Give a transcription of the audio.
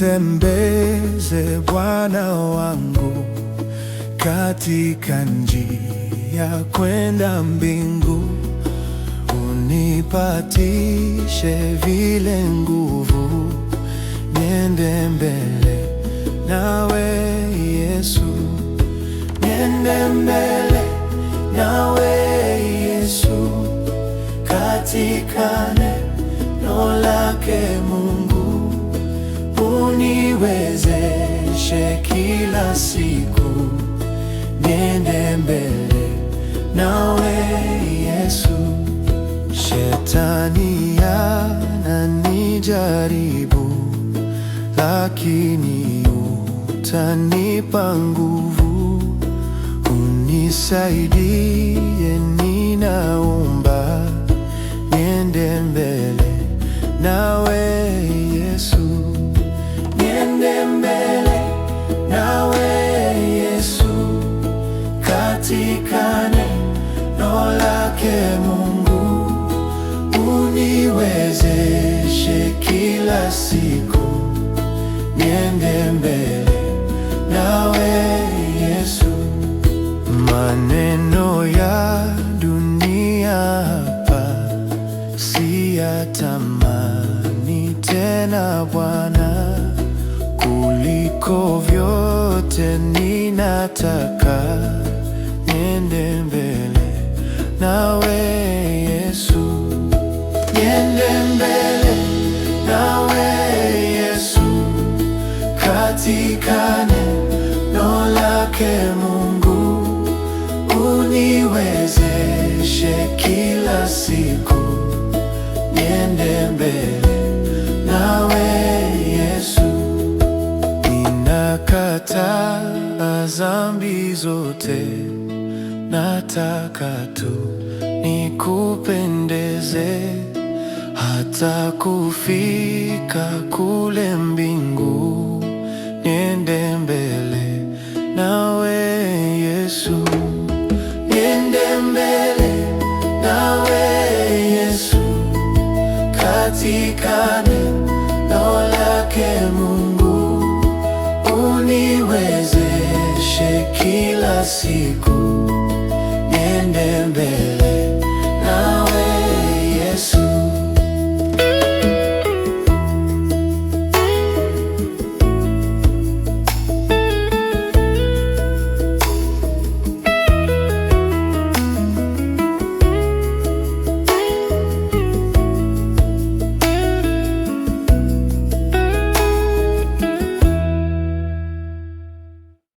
Nitembeze Bwana wangu katika njia kwenda mbingu, unipatishe vile nguvu niende mbele nawe Yesu, niende mbele nawe Yesu, katika neno lake Mungu niwezeshe kila siku niende mbele nawe Yesu. Shetani ananijaribu, lakini utanipa nguvu. Unisaidie, ninaomba niende mbele nawe niende mbele nawe Yesu. Maneno ya dunia hapa si ya tamani tena Bwana, kuliko vyote ninataka niende mbele nawe katika neno lake Mungu, uniwezeshe kila siku niende mbele nawe Yesu. Ninakataa dhambi zote, nataka tu nikupendeze hata kufika kule mbinguni. katika neno lake Mungu, uniwezeshe kila siku niende mbele